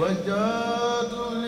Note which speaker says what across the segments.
Speaker 1: wajjatu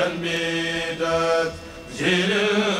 Speaker 1: تنبيتت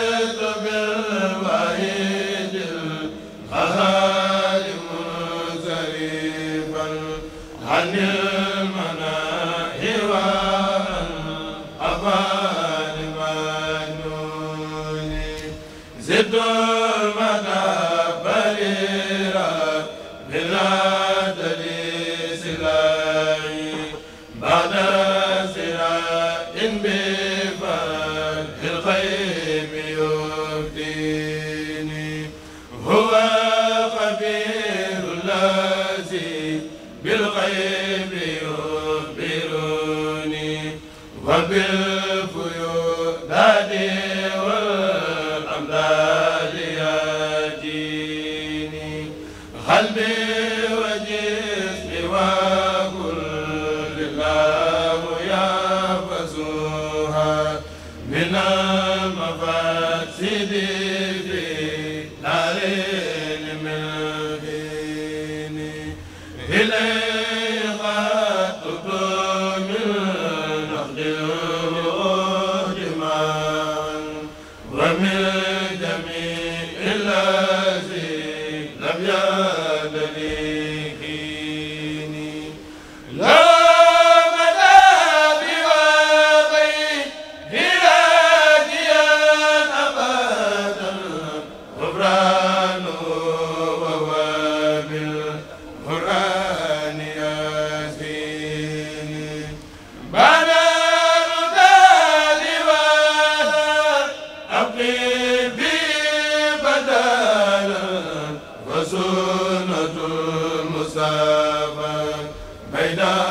Speaker 1: ila Seydina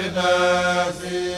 Speaker 1: بناسي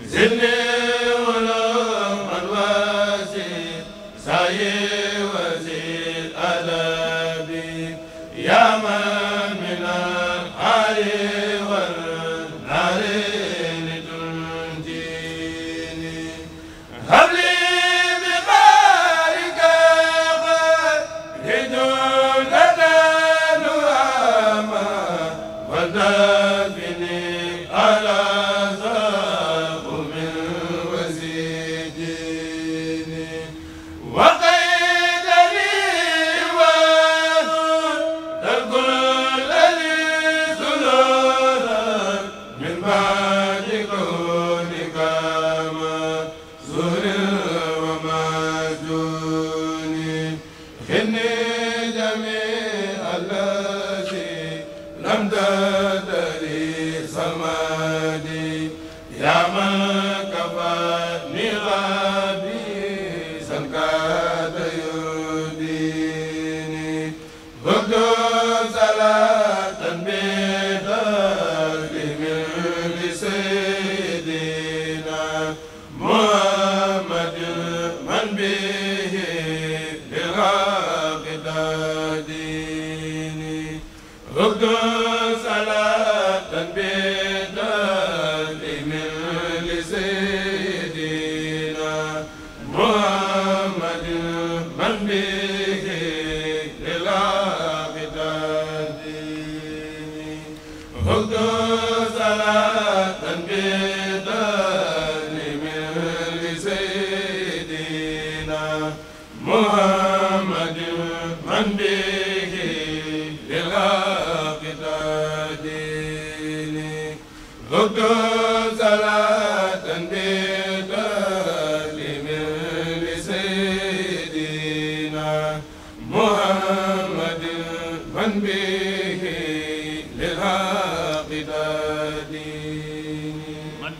Speaker 1: zene Is it